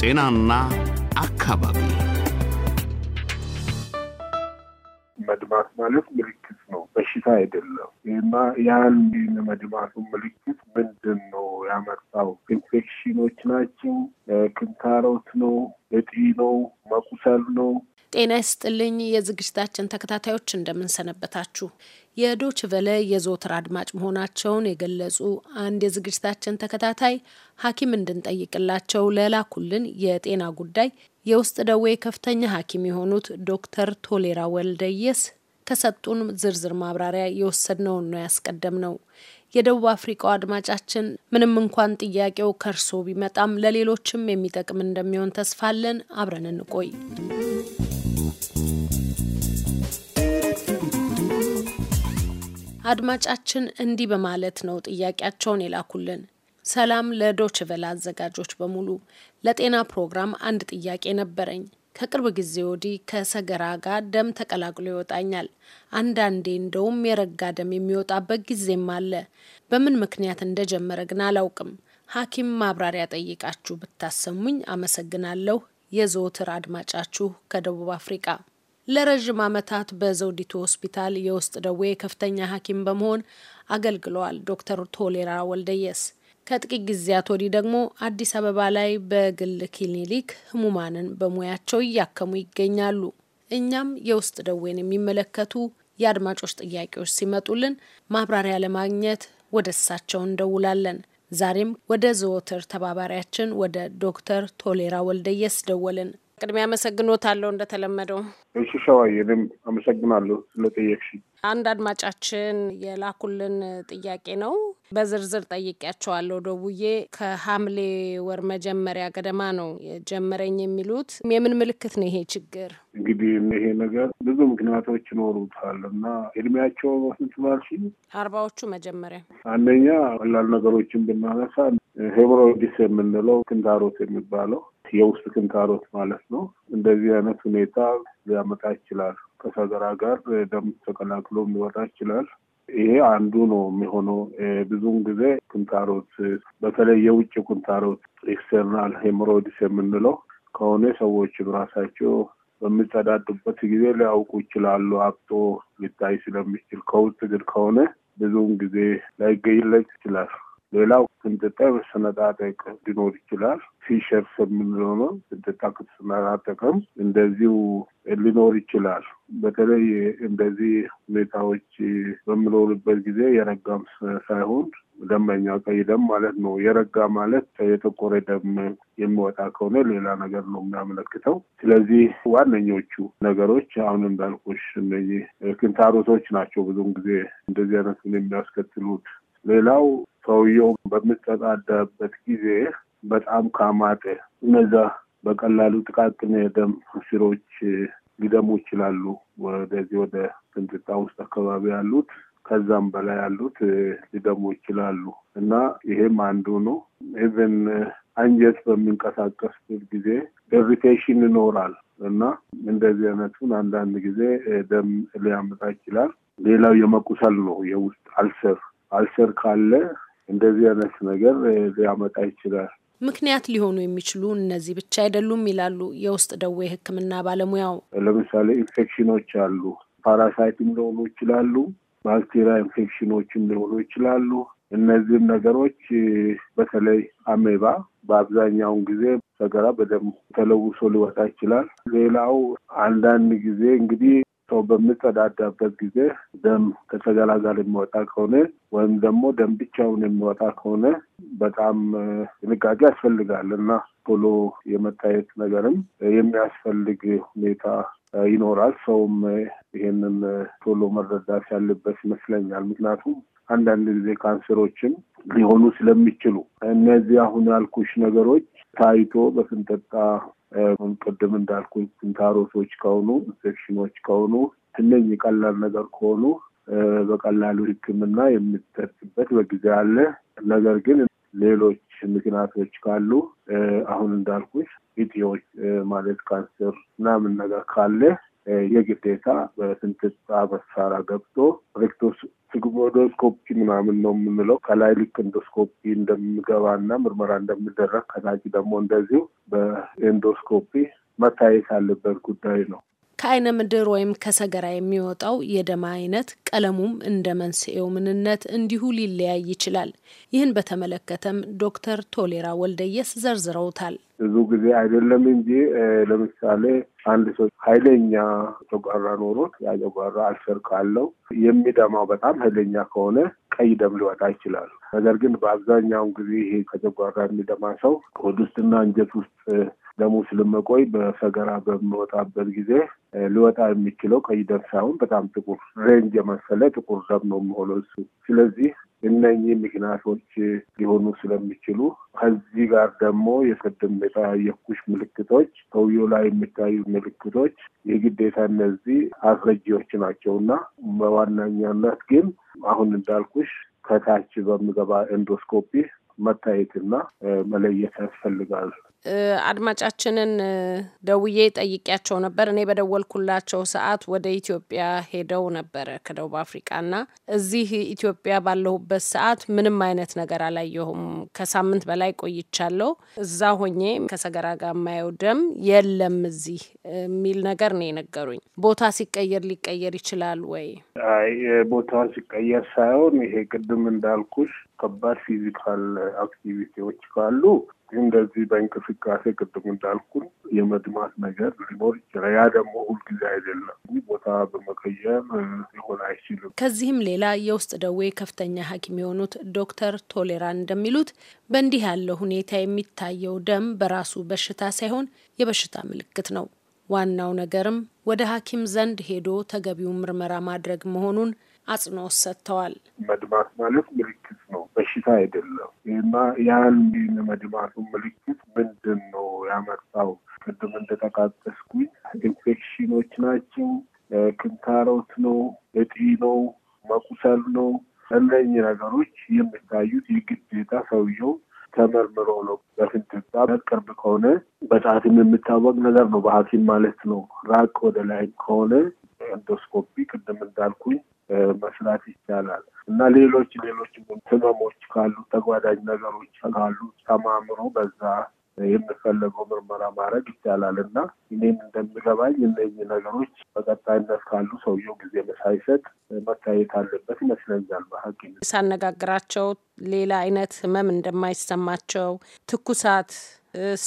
ጤናና አካባቢ መድማት ማለት ምልክት ነው፣ በሽታ አይደለም። እና ያን መድማቱ ምልክት ምንድን ነው ያመጣው? ኢንፌክሽኖች ናቸው? ክንታሮት ነው? እጢ ነው? መቁሰል ነው? ጤና ይስጥልኝ የዝግጅታችን ተከታታዮች እንደምንሰነበታችሁ። የዶችቨለ የዘወትር አድማጭ መሆናቸውን የገለጹ አንድ የዝግጅታችን ተከታታይ ሐኪም እንድንጠይቅላቸው ለላኩልን የጤና ጉዳይ የውስጥ ደዌ ከፍተኛ ሐኪም የሆኑት ዶክተር ቶሌራ ወልደየስ ከሰጡን ዝርዝር ማብራሪያ የወሰድነውን ነው ያስቀደም ነው። የደቡብ አፍሪካው አድማጫችን ምንም እንኳን ጥያቄው ከእርሶ ቢመጣም ለሌሎችም የሚጠቅም እንደሚሆን ተስፋለን። አብረን እንቆይ። አድማጫችን እንዲህ በማለት ነው ጥያቄያቸውን የላኩልን። ሰላም ለዶችቨላ አዘጋጆች በሙሉ ለጤና ፕሮግራም አንድ ጥያቄ ነበረኝ። ከቅርብ ጊዜ ወዲህ ከሰገራ ጋር ደም ተቀላቅሎ ይወጣኛል። አንዳንዴ እንደውም የረጋ ደም የሚወጣበት ጊዜም አለ። በምን ምክንያት እንደጀመረ ግን አላውቅም። ሐኪም ማብራሪያ ጠይቃችሁ ብታሰሙኝ አመሰግናለሁ። የዘወትር አድማጫችሁ ከደቡብ አፍሪቃ ለረዥም ዓመታት በዘውዲቱ ሆስፒታል የውስጥ ደዌ ከፍተኛ ሐኪም በመሆን አገልግለዋል ዶክተር ቶሌራ ወልደየስ። ከጥቂት ጊዜያት ወዲህ ደግሞ አዲስ አበባ ላይ በግል ክሊኒክ ህሙማንን በሙያቸው እያከሙ ይገኛሉ። እኛም የውስጥ ደዌን የሚመለከቱ የአድማጮች ጥያቄዎች ሲመጡልን ማብራሪያ ለማግኘት ወደ እሳቸው እንደውላለን። ዛሬም ወደ ዘወትር ተባባሪያችን ወደ ዶክተር ቶሌራ ወልደየስ ደወልን። ቅድሚያ አመሰግኖታለሁ። እንደተለመደው እሺ፣ ሸዋዬ እኔም አመሰግናለሁ ስለጠየቅሽ። አንድ አድማጫችን የላኩልን ጥያቄ ነው። በዝርዝር ጠይቄያቸዋለሁ ደውዬ። ከሐምሌ ወር መጀመሪያ ገደማ ነው የጀመረኝ የሚሉት የምን ምልክት ነው ይሄ ችግር? እንግዲህ ይሄ ነገር ብዙ ምክንያቶች ይኖሩታል እና እድሜያቸው ስንት ባልሽ? አርባዎቹ መጀመሪያ። አንደኛ ቀላል ነገሮችን ብናነሳ ሄሞሮይድስ የምንለው ክንታሮት የሚባለው የውስጥ ክንታሮት ማለት ነው። እንደዚህ አይነት ሁኔታ ሊያመጣ ይችላል። ከሰገራ ጋር ደም ተቀላቅሎ ሊወጣ ይችላል። ይሄ አንዱ ነው የሚሆነው። ብዙውን ጊዜ ክንታሮት በተለይ የውጭ ኩንታሮት ኤክስተርናል ሄሞሮይድስ የምንለው ከሆነ ሰዎች ራሳቸው በሚጸዳዱበት ጊዜ ሊያውቁ ይችላሉ። አብጦ ሊታይ ስለሚችል ከውስጥ ግን ከሆነ ብዙውን ጊዜ ላይገኝለት ይችላል። ሌላው ክንጥጣ መሰነጣጠቅ ሊኖር ይችላል። ፊሸርስ የምንለው ነው። ክንጥጣ ከተሰነጣጠቀም እንደዚሁ ሊኖር ይችላል። በተለይ እንደዚህ ሁኔታዎች በሚኖሩበት ጊዜ የረጋም ሳይሆን ደመኛ ቀይ ደም ማለት ነው። የረጋ ማለት የጠቆረ ደም የሚወጣ ከሆነ ሌላ ነገር ነው የሚያመለክተው። ስለዚህ ዋነኞቹ ነገሮች አሁን እንዳልኩሽ እነዚህ ክንታሮቶች ናቸው ብዙን ጊዜ እንደዚህ አይነት የሚያስከትሉት ሌላው ሰውየው በሚጸዳዳበት ጊዜ በጣም ካማጠ እነዛ በቀላሉ ጥቃቅን የደም ስሮች ሊደሙ ይችላሉ። ወደዚህ ወደ ፍንጥጣ ውስጥ አካባቢ ያሉት ከዛም በላይ ያሉት ሊደሙ ይችላሉ እና ይሄም አንዱ ነው። ኢቨን አንጀት በሚንቀሳቀስበት ጊዜ ኢሪቴሽን ይኖራል እና እንደዚህ አይነቱን አንዳንድ ጊዜ ደም ሊያመጣ ይችላል። ሌላው የመቁሰል ነው። የውስጥ አልሰር አልሰር ካለ እንደዚህ አይነት ነገር ሊያመጣ ይችላል። ምክንያት ሊሆኑ የሚችሉ እነዚህ ብቻ አይደሉም ይላሉ የውስጥ ደዌ ሕክምና ባለሙያው። ለምሳሌ ኢንፌክሽኖች አሉ። ፓራሳይትም ሊሆኑ ይችላሉ፣ ባክቴሪያ ኢንፌክሽኖችም ሊሆኑ ይችላሉ። እነዚህም ነገሮች በተለይ አሜባ በአብዛኛውን ጊዜ ሰገራ በደም ተለውሶ ሊወጣ ይችላል። ሌላው አንዳንድ ጊዜ እንግዲህ ሰው በሚጸዳዳበት ጊዜ ደም ከተገላጋል የሚወጣ ከሆነ ወይም ደግሞ ደም ብቻውን የሚወጣ ከሆነ በጣም ጥንቃቄ ያስፈልጋል እና ቶሎ የመታየት ነገርም የሚያስፈልግ ሁኔታ ይኖራል። ሰውም ይሄንን ቶሎ መረዳት ያለበት ይመስለኛል። ምክንያቱም አንዳንድ ጊዜ ካንሰሮችም ሊሆኑ ስለሚችሉ እነዚህ አሁን ያልኩሽ ነገሮች ታይቶ በስንጠጣ ቅድም እንዳልኩኝ ስንታሮሶች ከሆኑ ኢንፌክሽኖች ከሆኑ እነዚህ ቀላል ነገር ከሆኑ በቀላሉ ሕክምና የምትደርስበት በጊዜ አለ። ነገር ግን ሌሎች ምክንያቶች ካሉ አሁን እንዳልኩሽ ኢትዮች ማለት ካንሰር ምናምን ነገር ካለ የግዴታ በስንትጣ መሳሪያ ገብቶ ሬክቶስ ሲግሞዶስኮፒ ምናምን ነው የምንለው። ከላይ ልክ ኤንዶስኮፒ እንደሚገባና ምርመራ እንደሚደረግ ከታች ደግሞ እንደዚሁ በኤንዶስኮፒ መታየት ያለበት ጉዳይ ነው። ከአይነ ምድር ወይም ከሰገራ የሚወጣው የደም አይነት ቀለሙም እንደ መንስኤው ምንነት እንዲሁ ሊለያይ ይችላል። ይህን በተመለከተም ዶክተር ቶሌራ ወልደየስ ዘርዝረውታል። ብዙ ጊዜ አይደለም እንጂ ለምሳሌ አንድ ሰው ኃይለኛ ጨጓራ ኖሮት ያ ጨጓራ አልሰር ካለው የሚደማው በጣም ኃይለኛ ከሆነ ቀይ ደም ሊወጣ ይችላል። ነገር ግን በአብዛኛውን ጊዜ ይሄ ከጨጓራ የሚደማ ሰው ሆድ ውስጥና አንጀት ውስጥ ደሙ ስለመቆይ በፈገራ በሚወጣበት ጊዜ ሊወጣ የሚችለው ቀይ ደም ሳይሆን በጣም ጥቁር ሬንጅ የመሰለ ጥቁር ደም ነው የሚሆነው እሱ። ስለዚህ እነኚህ ምክንያቶች ሊሆኑ ስለሚችሉ ከዚህ ጋር ደግሞ የቅድም የጠየኩሽ ምልክቶች ሰውየው ላይ የሚታዩ ምልክቶች የግዴታ እነዚህ አስረጂዎች ናቸውና በዋነኛነት ግን አሁን እንዳልኩሽ ከታች በሚገባ ኤንዶስኮፒ መታየትና መለየት ያስፈልጋል። አድማጫችንን ደውዬ ጠይቂያቸው ነበር። እኔ በደወልኩላቸው ሰዓት ወደ ኢትዮጵያ ሄደው ነበረ ከደቡብ አፍሪካና እዚህ ኢትዮጵያ ባለሁበት ሰዓት ምንም አይነት ነገር አላየሁም። ከሳምንት በላይ ቆይቻለሁ። እዛ ሆኜ ከሰገራ ጋር የማየው ደም የለም እዚህ የሚል ነገር ነው የነገሩኝ። ቦታ ሲቀየር ሊቀየር ይችላል ወይ? አይ ቦታ ሲቀየር ሳይሆን ይሄ ቅድም እንዳልኩሽ ከባድ ፊዚካል አክቲቪቲዎች ካሉ እንደዚህ በእንቅስቃሴ ቅድም እንዳልኩን የመድማት ነገር ሊኖር ይችላል። ያ ደግሞ ሁልጊዜ አይደለም፣ ቦታ በመቀየር ሊሆን አይችልም። ከዚህም ሌላ የውስጥ ደዌ ከፍተኛ ሐኪም የሆኑት ዶክተር ቶሌራ እንደሚሉት በእንዲህ ያለው ሁኔታ የሚታየው ደም በራሱ በሽታ ሳይሆን የበሽታ ምልክት ነው። ዋናው ነገርም ወደ ሐኪም ዘንድ ሄዶ ተገቢው ምርመራ ማድረግ መሆኑን አጽንኦት ሰጥተዋል። መድማት ማለት ምልክት ነው፣ በሽታ አይደለም። እና ያን መድማቱ ምልክት ምንድን ነው ያመጣው? ቅድም እንደጠቃቀስኩኝ ኢንፌክሽኖች ናቸው፣ ክንታሮት ነው፣ እጢ ነው፣ መቁሰል ነው። እነኚህ ነገሮች የሚታዩት የግዴታ ሰውየው ተመርምሮ ነው። በፍንትጣ ቅርብ ከሆነ በጣትም የምታወቅ ነገር ነው፣ በሐኪም ማለት ነው። ራቅ ወደ ላይ ከሆነ ኤንዶስኮፒ ቅድም እንዳልኩኝ መስራት ይቻላል እና ሌሎች ሌሎች ህመሞች ካሉ ተጓዳኝ ነገሮች ካሉ ተማምሮ በዛ የሚፈለገው ምርመራ ማድረግ ይቻላል እና እኔም እንደሚገባኝ እነዚህ ነገሮች በቀጣይነት ካሉ ሰውየው ጊዜ ሳይሰጥ መታየት አለበት ይመስለኛል። በሐኪም ሳነጋግራቸው ሌላ አይነት ህመም እንደማይሰማቸው ትኩሳት፣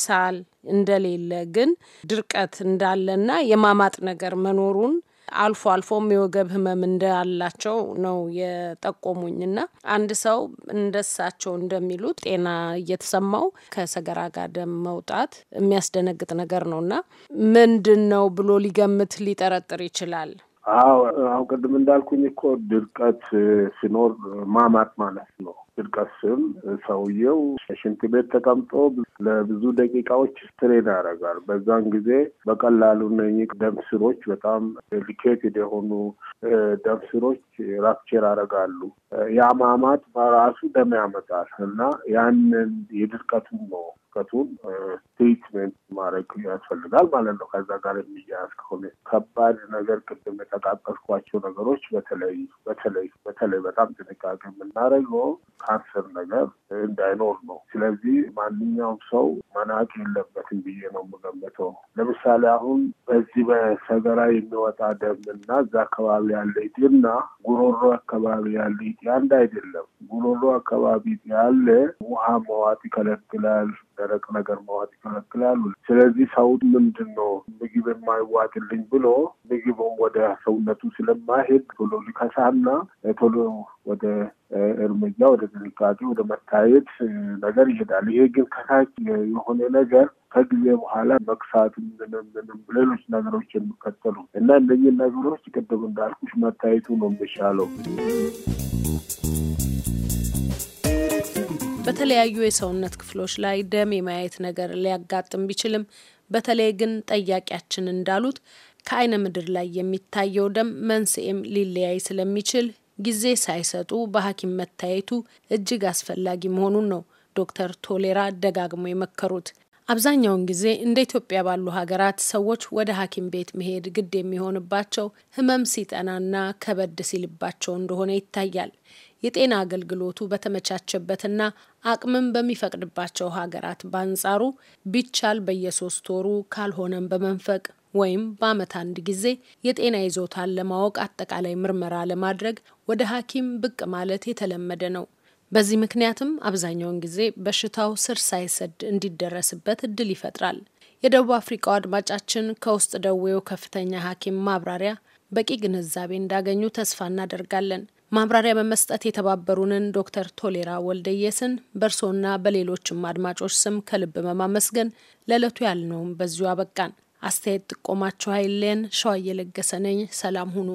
ሳል እንደሌለ ግን ድርቀት እንዳለና የማማጥ ነገር መኖሩን አልፎ አልፎም የወገብ ህመም እንዳላቸው ነው የጠቆሙኝ። እና አንድ ሰው እንደሳቸው እንደሚሉት ጤና እየተሰማው ከሰገራ ጋር ደም መውጣት የሚያስደነግጥ ነገር ነው እና ምንድን ነው ብሎ ሊገምት ሊጠረጥር ይችላል። አዎ አሁን ቅድም እንዳልኩኝ እኮ ድርቀት ሲኖር ማማት ማለት ነው። ስም ሰውየው ሽንት ቤት ተቀምጦ ለብዙ ደቂቃዎች ስትሬን ያደርጋል። በዛን ጊዜ በቀላሉ እነኚህ ደም ስሮች በጣም ሊኬትድ የሆኑ ደም ስሮች ራፕቸር ያደርጋሉ። ያ ማማት በራሱ ደም ያመጣል እና ያንን የድርቀቱን ነው ጥልቀቱን ትሪትመንት ማድረግ ያስፈልጋል ማለት ነው። ከዛ ጋር የሚያያዝ ከሆነ ከባድ ነገር ቅድም የጠቃቀስኳቸው ነገሮች በተለይ በተለይ በተለይ በጣም ጥንቃቄ የምናደርገው ካንሰር ነገር እንዳይኖር ነው። ስለዚህ ማንኛውም ሰው መናቅ የለበትም ብዬ ነው የምገምተው። ለምሳሌ አሁን በዚህ በሰገራ የሚወጣ ደምና እዛ አካባቢ ያለ እጢና ጉሮሮ አካባቢ ያለ እጢ አንድ አይደለም። ጉሮሮ አካባቢ ያለ ውሃ መዋጥ ይከለክላል። ደረቅ ነገር መዋጥ ይከለክላሉ። ስለዚህ ሰው ምንድን ነው ምግብ የማይዋጥልኝ ብሎ ምግቡም ወደ ሰውነቱ ስለማሄድ ቶሎ ሊከሳና ቶሎ ወደ እርምጃ፣ ወደ ጥንቃቄ፣ ወደ መታየት ነገር ይሄዳል። ይሄ ግን ከታች የሆነ ነገር ከጊዜ በኋላ መቅሳት፣ ምንም ሌሎች ነገሮች የሚከተሉ እና እነኝህ ነገሮች ቅድም እንዳልኩሽ መታየቱ ነው የሚሻለው። በተለያዩ የሰውነት ክፍሎች ላይ ደም የማየት ነገር ሊያጋጥም ቢችልም በተለይ ግን ጠያቂያችን እንዳሉት ከአይነ ምድር ላይ የሚታየው ደም መንስኤም ሊለያይ ስለሚችል ጊዜ ሳይሰጡ በሐኪም መታየቱ እጅግ አስፈላጊ መሆኑን ነው ዶክተር ቶሌራ ደጋግሞ የመከሩት። አብዛኛውን ጊዜ እንደ ኢትዮጵያ ባሉ ሀገራት ሰዎች ወደ ሐኪም ቤት መሄድ ግድ የሚሆንባቸው ህመም ሲጠናና ከበድ ሲልባቸው እንደሆነ ይታያል። የጤና አገልግሎቱ በተመቻቸበትና አቅምን በሚፈቅድባቸው ሀገራት በአንጻሩ ቢቻል በየሶስት ወሩ ካልሆነም በመንፈቅ ወይም በአመት አንድ ጊዜ የጤና ይዞታን ለማወቅ አጠቃላይ ምርመራ ለማድረግ ወደ ሐኪም ብቅ ማለት የተለመደ ነው። በዚህ ምክንያትም አብዛኛውን ጊዜ በሽታው ስር ሳይሰድ እንዲደረስበት እድል ይፈጥራል። የደቡብ አፍሪካው አድማጫችን ከውስጥ ደዌው ከፍተኛ ሐኪም ማብራሪያ በቂ ግንዛቤ እንዳገኙ ተስፋ እናደርጋለን። ማብራሪያ በመስጠት የተባበሩንን ዶክተር ቶሌራ ወልደየስን በእርሶና በሌሎችም አድማጮች ስም ከልብ በማመስገን ለዕለቱ ያልነውም በዚሁ አበቃን። አስተያየት ጥቆማቸው ኃይሌን ሸዋ እየለገሰ ነኝ። ሰላም ሁኑ።